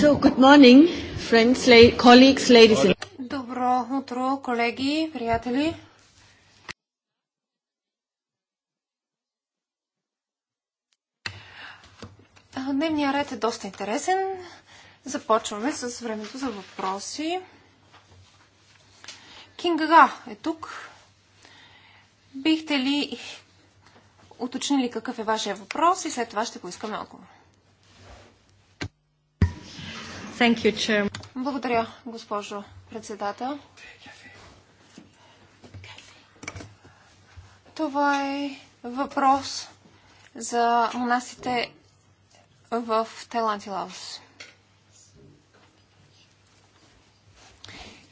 So, good morning, friends, la- colleagues, ladies and Добро утро, колеги, приятели. Дневният ред е доста интересен. Започваме с времето за въпроси. Кингага е тук. Бихте ли уточнили какъв е вашия въпрос и след това ще поискаме отговор. Thank you, chair. Благодаря, госпожо председател. Това е въпрос за монасите в Тайланд и Лаос.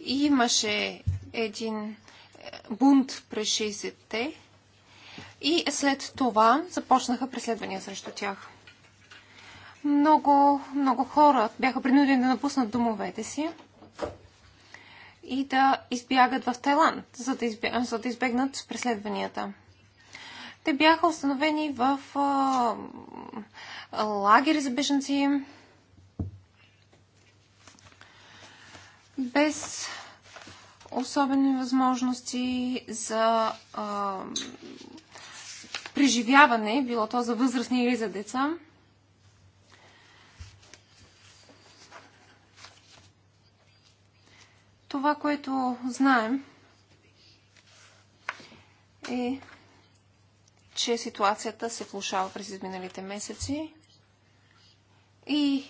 Имаше един бунт през 60-те и след това започнаха преследвания срещу тях много, много хора бяха принудени да напуснат домовете си и да избягат в Тайланд, за да, избя... за да избегнат преследванията. Те бяха установени в а, лагери за беженци без особени възможности за а, преживяване, било то за възрастни или за деца. Това, което знаем е, че ситуацията се влушава през изминалите месеци и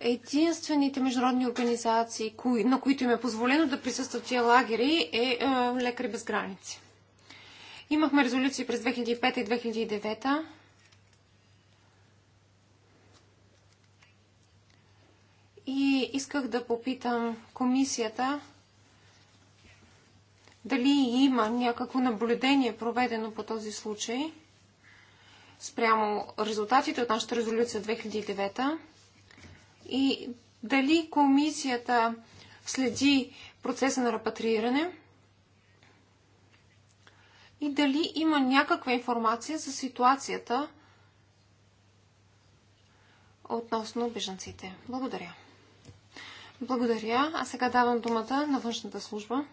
единствените международни организации, на които им е позволено да присъстват тия лагери, е, е Лекари без граници. Имахме резолюции през 2005 и 2009 И исках да попитам комисията дали има някакво наблюдение проведено по този случай спрямо резултатите от нашата резолюция 2009 и дали комисията следи процеса на репатрииране и дали има някаква информация за ситуацията относно бежанците. Благодаря. Благодаря. А сега давам думата на външната служба.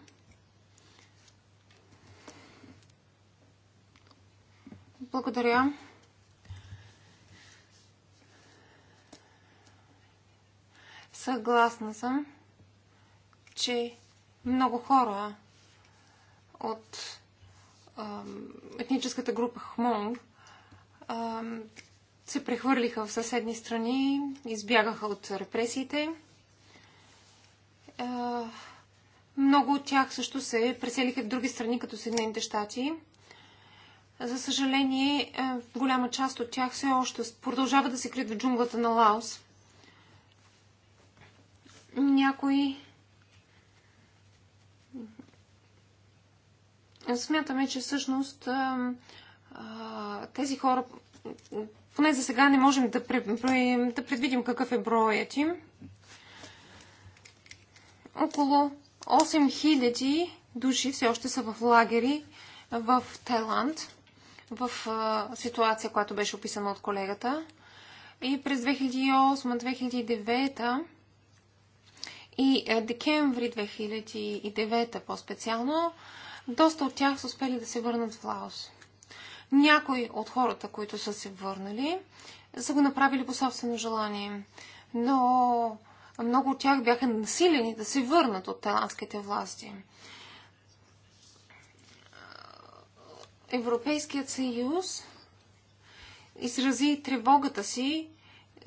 Благодаря. Съгласна съм, че много хора от етническата група Хмонг се прехвърлиха в съседни страни, избягаха от репресиите много от тях също се преселиха в други страни, като Съединените щати. За съжаление, голяма част от тях все още продължава да се крият в джунглата на Лаос. Някои смятаме, че всъщност тези хора, поне за сега не можем да предвидим какъв е броят им около 8000 души все още са в лагери в Тайланд, в ситуация, която беше описана от колегата. И през 2008-2009 и декември 2009 по-специално, доста от тях са успели да се върнат в Лаос. Някои от хората, които са се върнали, са го направили по собствено желание. Но много от тях бяха насилени да се върнат от таландските власти. Европейският съюз изрази тревогата си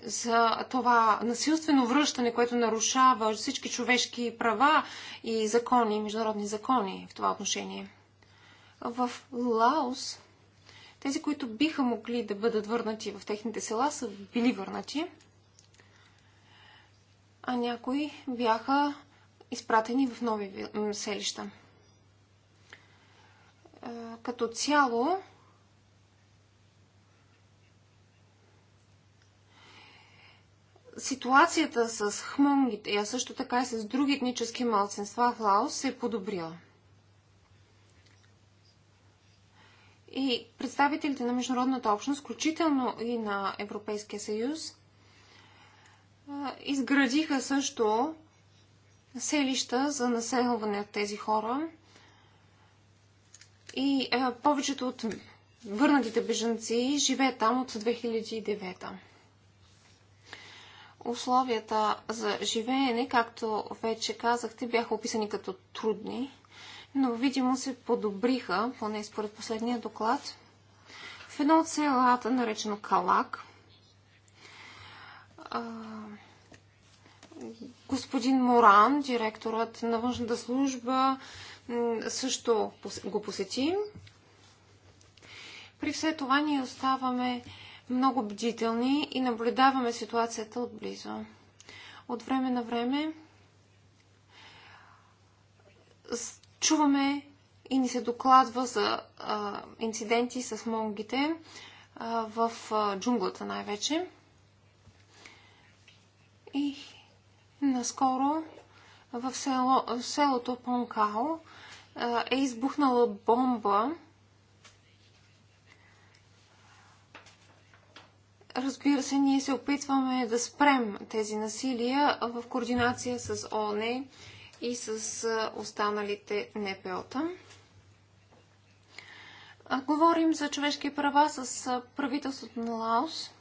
за това насилствено връщане, което нарушава всички човешки права и закони, международни закони в това отношение. В Лаос тези, които биха могли да бъдат върнати в техните села, са били върнати а някои бяха изпратени в нови селища. Като цяло, ситуацията с хмонгите, а също така и с други етнически малцинства в Лаос се е подобрила. И представителите на международната общност, включително и на Европейския съюз, изградиха също селища за населване от тези хора. И а, повечето от върнатите бежанци живеят там от 2009. Условията за живеене, както вече казахте, бяха описани като трудни, но видимо се подобриха, поне според последния доклад. В едно от селата, наречено Калак, господин Моран, директорът на външната служба, също го посети. При все това ние оставаме много бдителни и наблюдаваме ситуацията отблизо. От време на време чуваме и ни се докладва за а, инциденти с монгите а, в а, джунглата най-вече. И наскоро в, село, в селото Понкао е избухнала бомба. Разбира се, ние се опитваме да спрем тези насилия в координация с ООН и с останалите НПО-та. Говорим за човешки права с правителството на Лаос –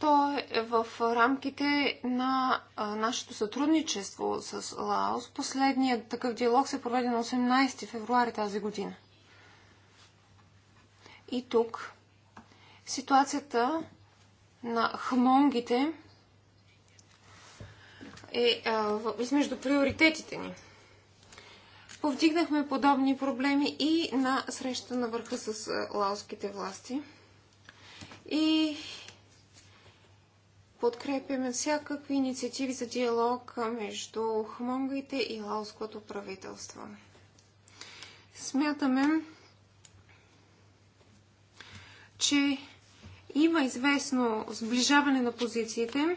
то е в рамките на нашето сътрудничество с Лаос. Последният такъв диалог се проведе на 18 февруари тази година. И тук ситуацията на хмонгите е измежду приоритетите ни. Повдигнахме подобни проблеми и на среща на върха с лаоските власти. И подкрепяме всякакви инициативи за диалог между хмонгите и лаоското правителство. Смятаме, че има известно сближаване на позициите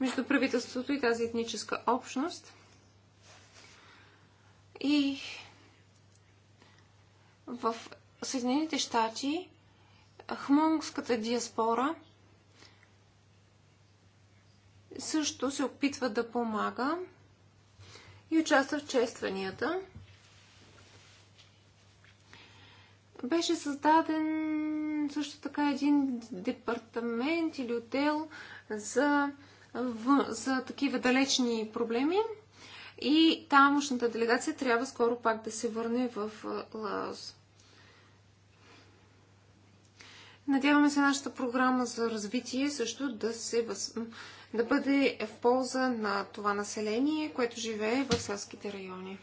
между правителството и тази етническа общност. И в Съединените щати хмонгската диаспора – също се опитва да помага и участва в честванията. Беше създаден също така един департамент или отдел за, в, за такива далечни проблеми. И тамошната делегация трябва скоро пак да се върне в Лаос. Надяваме се нашата програма за развитие също да се въз да бъде в полза на това население, което живее в селските райони.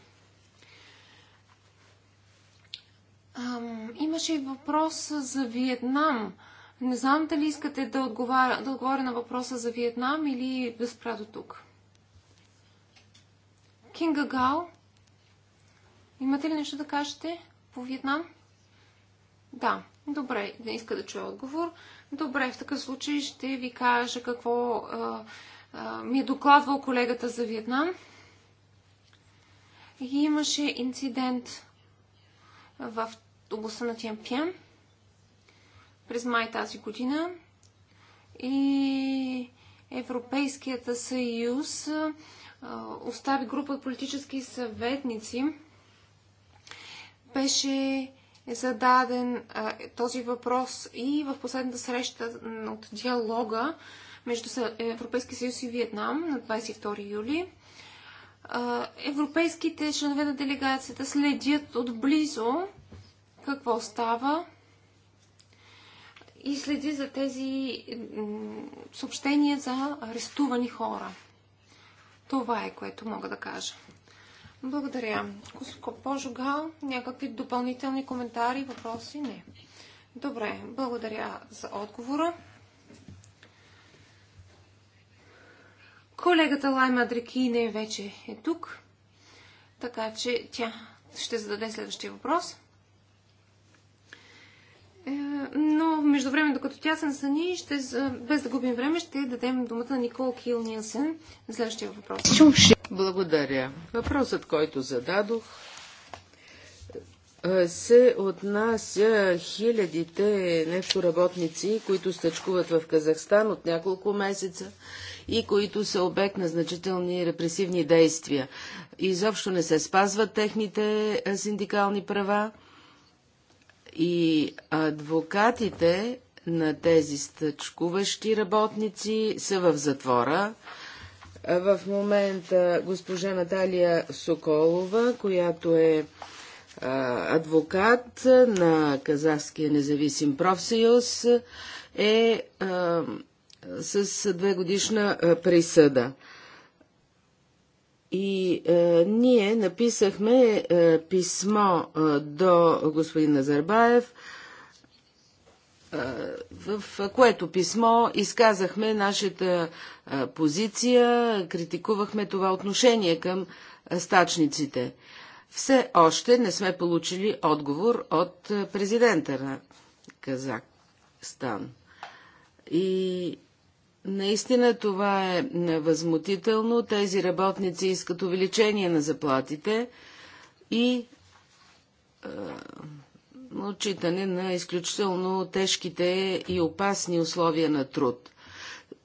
Ам, имаше и въпрос за Виетнам. Не знам дали искате да отговоря, да отговоря на въпроса за Виетнам или да спра до тук. Кинга Гао, имате ли нещо да кажете по Виетнам? Да, добре, не иска да чуя отговор. Добре, в такъв случай ще ви кажа какво а, а, ми е докладвал колегата за Виетнам. И имаше инцидент в областта на Тянпян през май тази година и Европейският съюз остави група от политически съветници. Беше е зададен а, този въпрос и в последната среща от диалога между Европейския съюз и Виетнам на 22 юли. А, европейските членове на делегацията следят отблизо какво става и следи за тези съобщения за арестувани хора. Това е което мога да кажа. Благодаря. Госпожо Гал, някакви допълнителни коментари, въпроси? Не. Добре, благодаря за отговора. Колегата Лайма Дрекине вече е тук, така че тя ще зададе следващия въпрос но между време, докато тя се насъни, ще, без да губим време, ще дадем думата на Никол Кил Нилсен на следващия въпрос. Благодаря. Въпросът, който зададох, се отнася хилядите нефтоработници, които стъчкуват в Казахстан от няколко месеца и които са обект на значителни репресивни действия. Изобщо не се спазват техните синдикални права И адвокатите на тези стъчкуващи работници са в затвора. В момента госпожа Наталия Соколова, която е адвокат на Казахския независим профсъюз, е с две годишна присъда. И е, ние написахме е, писмо е, до господин Назарбаев, е, в което писмо изказахме нашата е, позиция, критикувахме това отношение към е, стачниците. Все още не сме получили отговор от президента на Казахстан. И Наистина това е възмутително. Тези работници искат увеличение на заплатите и е, отчитане на изключително тежките и опасни условия на труд.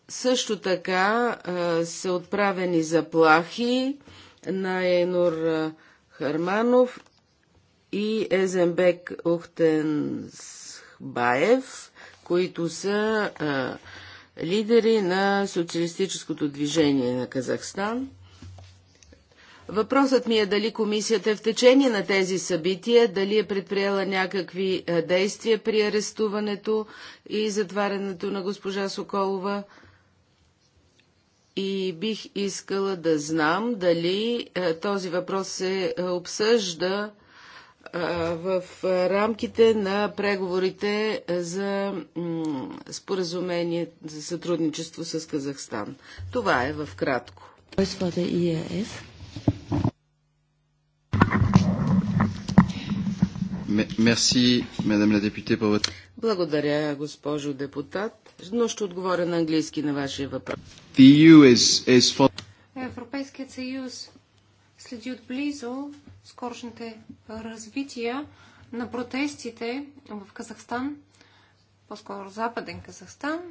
Също така е, са отправени заплахи на Енор Харманов и Езенбек Ухтенсбаев, които са е, лидери на социалистическото движение на Казахстан. Въпросът ми е дали комисията е в течение на тези събития, дали е предприела някакви действия при арестуването и затварянето на госпожа Соколова. И бих искала да знам дали този въпрос се обсъжда в рамките на преговорите за споразумение за сътрудничество с Казахстан. Това е в кратко. Благодаря, госпожо депутат, но ще отговоря на английски на вашия въпрос. is, is for... Европейският съюз следи отблизо скорошните развития на протестите в Казахстан, по-скоро Западен Казахстан,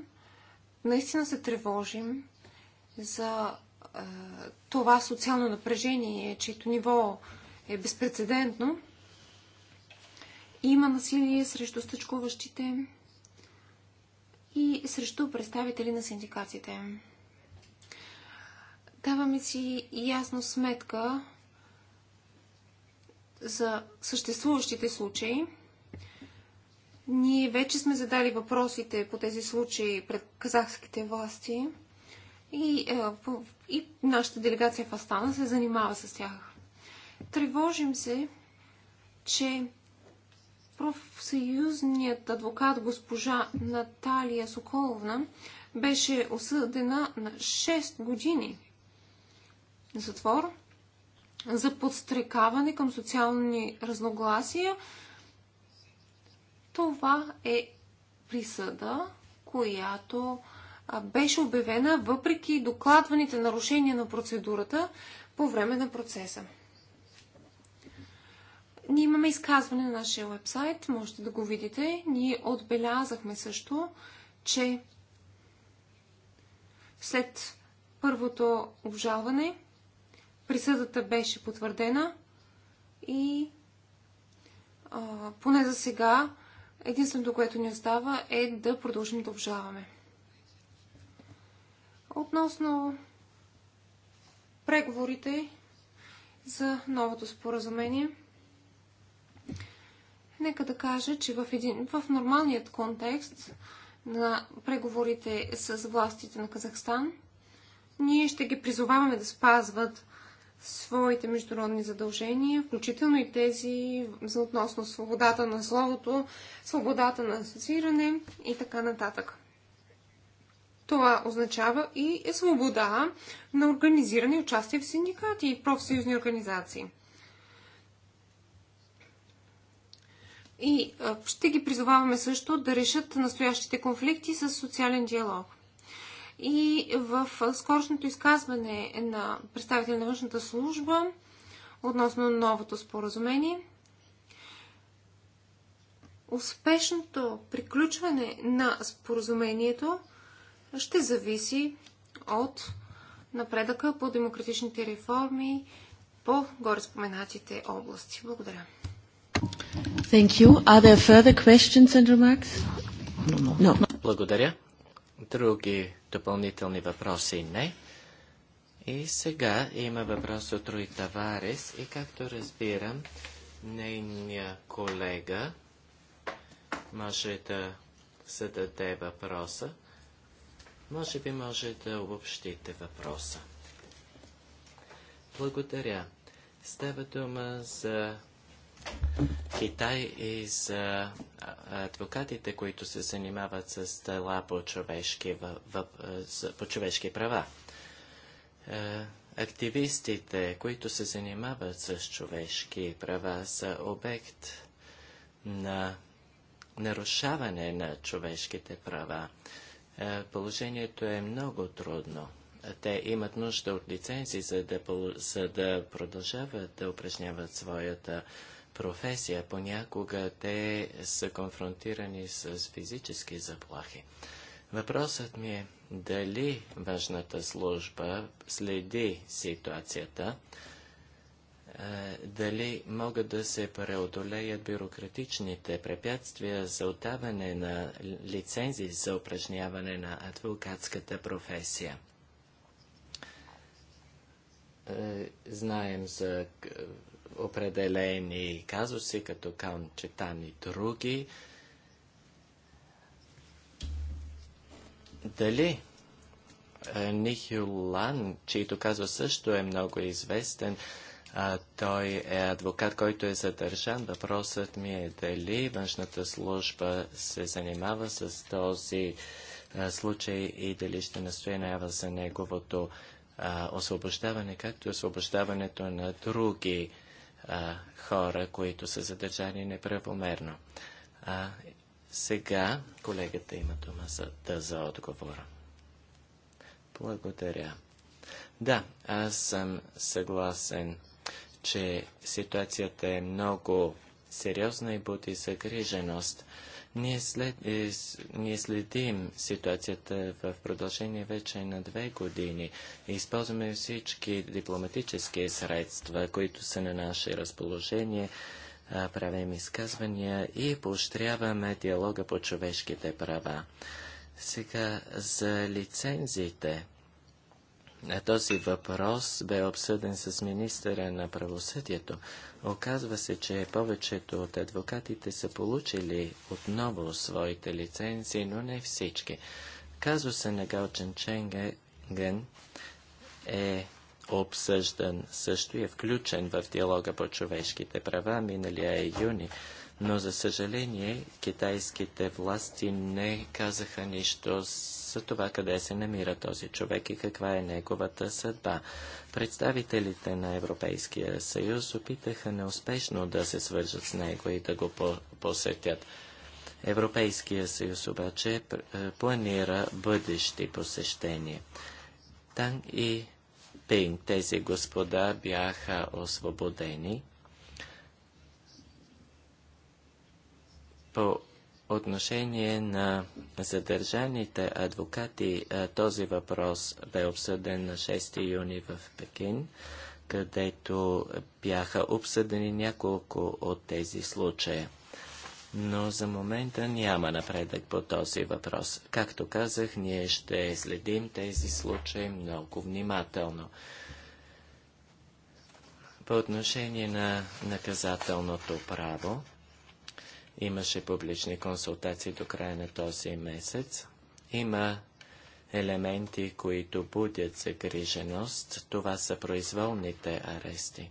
наистина се тревожим за е, това социално напрежение, чието ниво е безпредседентно. Има насилие срещу стъчкуващите и срещу представители на синдикатите. Даваме си ясно сметка за съществуващите случаи. Ние вече сме задали въпросите по тези случаи пред казахските власти и, е, и нашата делегация в Астана се занимава с тях. Тревожим се, че профсъюзният адвокат госпожа Наталия Соколовна беше осъдена на 6 години затвор за подстрекаване към социални разногласия. Това е присъда, която беше обявена въпреки докладваните нарушения на процедурата по време на процеса. Ние имаме изказване на нашия вебсайт, можете да го видите. Ние отбелязахме също, че след първото обжалване присъдата беше потвърдена и а, поне за сега единственото, което ни остава е да продължим да обжаваме. Относно преговорите за новото споразумение, нека да кажа, че в, един, в нормалният контекст на преговорите с властите на Казахстан, ние ще ги призоваваме да спазват своите международни задължения, включително и тези за относно свободата на словото, свободата на асоцииране и така нататък. Това означава и свобода на организиране и участие в синдикати и профсъюзни организации. И ще ги призоваваме също да решат настоящите конфликти с социален диалог – И в скорошното изказване на представител на външната служба относно новото споразумение, успешното приключване на споразумението ще зависи от напредъка по демократичните реформи по горе споменатите области. Благодаря. Thank you. Are there further questions and remarks? No, no. No. Благодаря. Други допълнителни въпроси не. И сега има въпрос от Руи Таварес и както разбирам, нейния колега може да зададе въпроса. Може би може да обобщите въпроса. Благодаря. Става дума за Китай и за адвокатите, които се занимават с дела по човешки, въп, по човешки права. Активистите, които се занимават с човешки права, са обект на нарушаване на човешките права. Положението е много трудно. Те имат нужда от лицензии, за да, за да продължават да упражняват своята професия. Понякога те са конфронтирани с физически заплахи. Въпросът ми е дали външната служба следи ситуацията, дали могат да се преодолеят бюрократичните препятствия за отдаване на лицензии за упражняване на адвокатската професия. Знаем за определени казуси, като Каунчетан и други. Дали Нихилан, чийто казва също е много известен, а, той е адвокат, който е задържан. Въпросът ми е дали външната служба се занимава с този а, случай и дали ще настоя наява за неговото а, освобождаване, както и освобождаването на други а, хора, които са задържани неправомерно. А сега колегата има дума за, да, за отговор. Благодаря. Да, аз съм съгласен, че ситуацията е много сериозна и буди загриженост. Ние, след, е, ние следим ситуацията в продължение вече на две години и използваме всички дипломатически средства, които са на наше разположение, а, правим изказвания и поощряваме диалога по човешките права. Сега за лицензите. Този въпрос бе обсъден с министъра на правосъдието. Оказва се, че повечето от адвокатите са получили отново своите лицензии, но не всички. Казуса на Галчен Ченген е обсъждан също и е включен в диалога по човешките права миналия юни. Но, за съжаление, китайските власти не казаха нищо за това къде се намира този човек и каква е неговата съдба. Представителите на Европейския съюз опитаха неуспешно да се свържат с него и да го по посетят. Европейския съюз обаче планира бъдещи посещения. Танг и Пинг, тези господа бяха освободени По отношение на задържаните адвокати, този въпрос бе обсъден на 6 юни в Пекин, където бяха обсъдени няколко от тези случая. Но за момента няма напредък по този въпрос. Както казах, ние ще следим тези случаи много внимателно. По отношение на наказателното право, Имаше публични консултации до края на този месец. Има елементи, които будят загриженост. Това са произволните арести.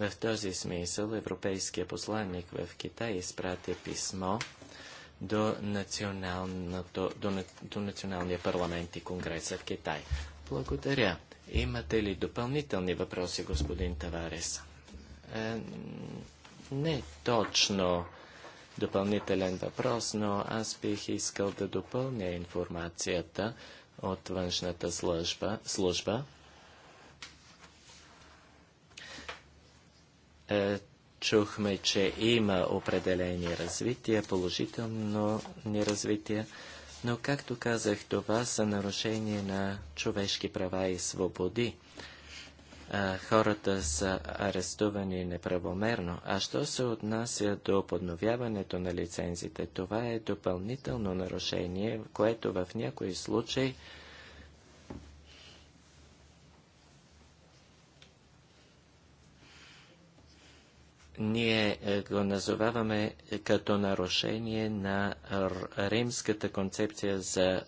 В този смисъл европейския посланник в Китай изпрати писмо до, до, до националния парламент и конгреса в Китай. Благодаря. Имате ли допълнителни въпроси, господин Таварес? Е, не точно допълнителен въпрос, но аз бих искал да допълня информацията от външната служба. служба. Е, чухме, че има определени развития, положително неразвития, но, както казах, това са нарушения на човешки права и свободи хората са арестувани неправомерно. А що се отнася до подновяването на лицензите, това е допълнително нарушение, което в някои случаи ние го назоваваме като нарушение на римската концепция за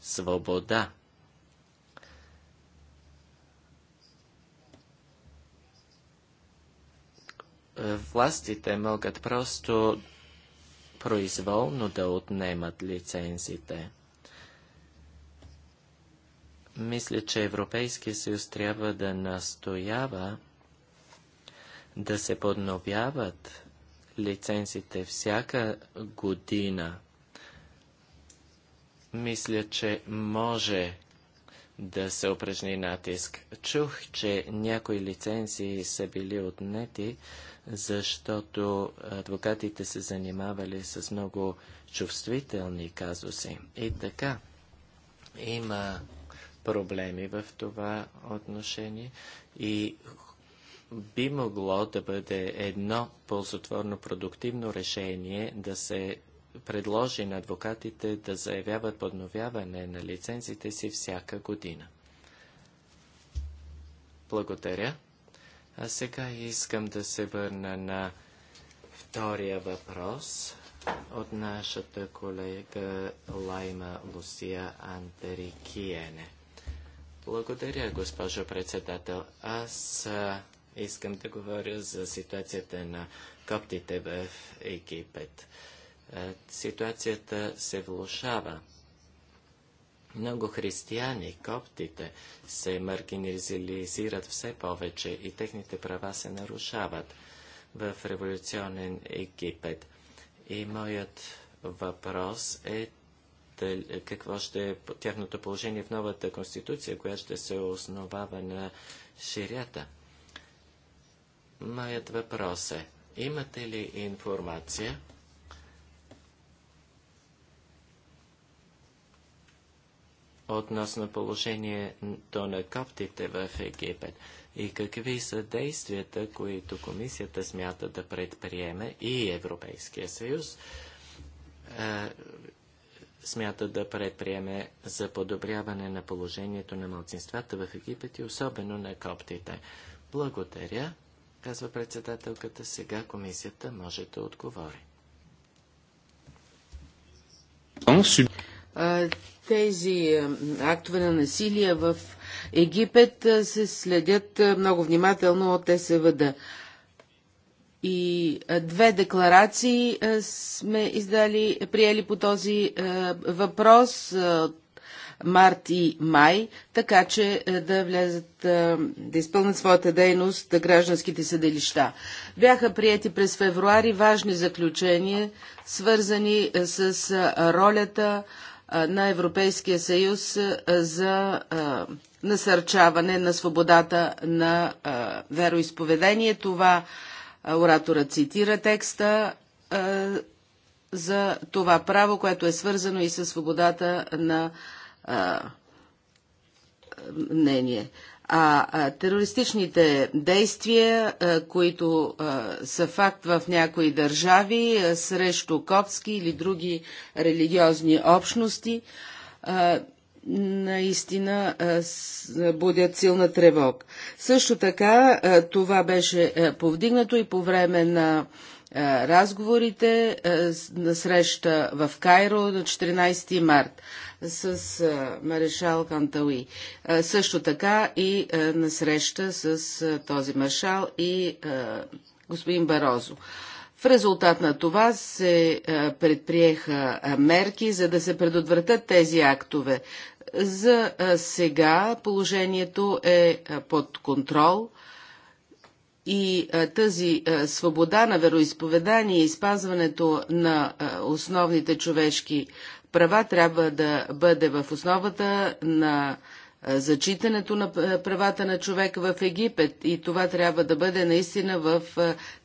свобода – властите могат просто произволно да отнемат лицензите. Мисля, че Европейския съюз трябва да настоява да се подновяват лицензите всяка година. Мисля, че може да се упражни натиск. Чух, че някои лицензии са били отнети, защото адвокатите се занимавали с много чувствителни казуси. И така, има проблеми в това отношение и би могло да бъде едно ползотворно продуктивно решение да се предложи на адвокатите да заявяват подновяване на лицензите си всяка година. Благодаря. А сега искам да се върна на втория въпрос от нашата колега Лайма Лусия Антерикиене. Благодаря, госпожо председател. Аз а, искам да говоря за ситуацията на коптите в Египет. А, ситуацията се влушава. Mnogo hrišćani, koptite, se marginalizirat vse poveće i tehnite prava se narušavat v revolucionin Egipet. I mojot vpros je какво ще е тяхното положение в новата конституция, която ще се основава на ширята. Моят въпрос е, имате ли информация? относно положението на каптите в Египет и какви са действията, които комисията смята да предприеме и Европейския съюз смята да предприеме за подобряване на положението на малцинствата в Египет и особено на коптите. Благодаря, казва председателката. Сега комисията може да отговори. Тези актове на насилие в Египет се следят много внимателно от СВД. И две декларации сме издали, приели по този въпрос март и май, така че да влезат, да изпълнят своята дейност гражданските съдилища. Бяха приети през февруари важни заключения, свързани с ролята на Европейския съюз за насърчаване на свободата на вероисповедение. Това оратора цитира текста за това право, което е свързано и с свободата на мнение. А терористичните действия, които са факт в някои държави срещу копски или други религиозни общности, наистина будят силна тревог. Също така това беше повдигнато и по време на разговорите на среща в Кайро на 14 март с маршал Кантауи. Също така и на среща с този маршал и господин Барозо. В резултат на това се предприеха мерки, за да се предотвратят тези актове. За сега положението е под контрол И тази свобода на вероисповедание и спазването на основните човешки права трябва да бъде в основата на зачитането на правата на човека в Египет и това трябва да бъде наистина в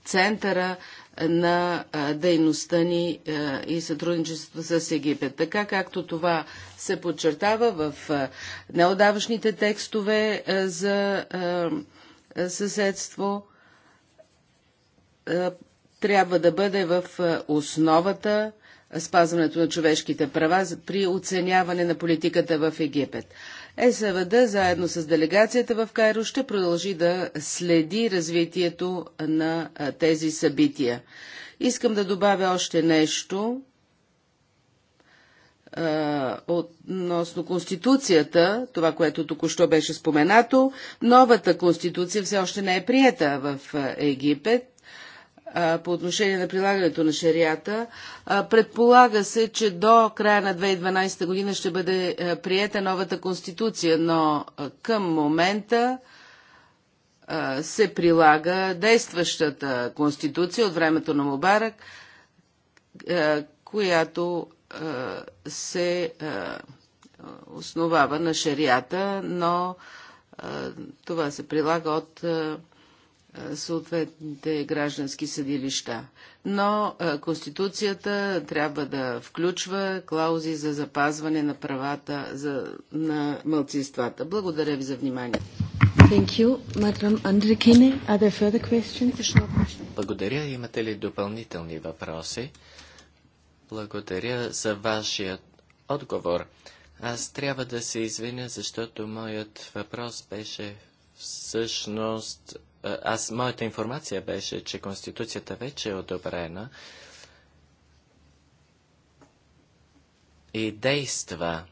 центъра на дейността ни и сътрудничеството с Египет. Така както това се подчертава в неодавашните текстове за съседство, трябва да бъде в основата спазването на човешките права при оценяване на политиката в Египет. СВД заедно с делегацията в Кайро ще продължи да следи развитието на тези събития. Искам да добавя още нещо относно Конституцията, това, което току-що беше споменато. Новата Конституция все още не е приета в Египет по отношение на прилагането на шарията. Предполага се, че до края на 2012 година ще бъде приета новата конституция, но към момента се прилага действащата конституция от времето на Мубарак, която се основава на шарията, но това се прилага от съответните граждански съдилища. Но Конституцията трябва да включва клаузи за запазване на правата за, на мълцинствата. Благодаря ви за вниманието. Благодаря. Имате ли допълнителни въпроси? Благодаря за вашия отговор. Аз трябва да се извиня, защото моят въпрос беше всъщност аз, моята информация беше, че Конституцията вече е одобрена и действа.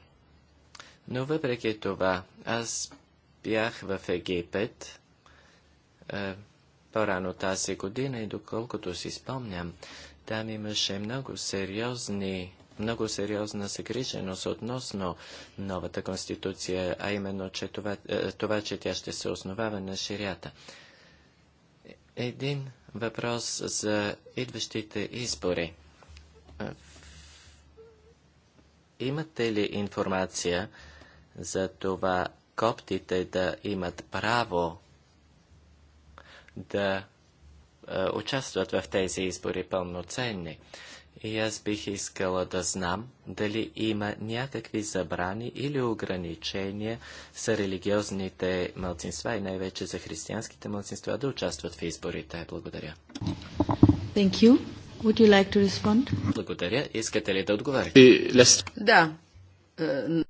Но въпреки това, аз бях в Египет по-рано тази година и доколкото си спомням, там имаше много сериозни много сериозна загриженост относно новата конституция, а именно, че това, това че тя ще се основава на ширята. Един въпрос за идващите избори. Имате ли информация за това коптите да имат право да участват в тези избори пълноценни? И аз бих искала да знам дали има някакви забрани или ограничения за религиозните мълцинства и най-вече за християнските мълцинства да участват в изборите. Благодаря. Thank you. Would you like to respond? Благодаря. Искате ли да отговорите? Да.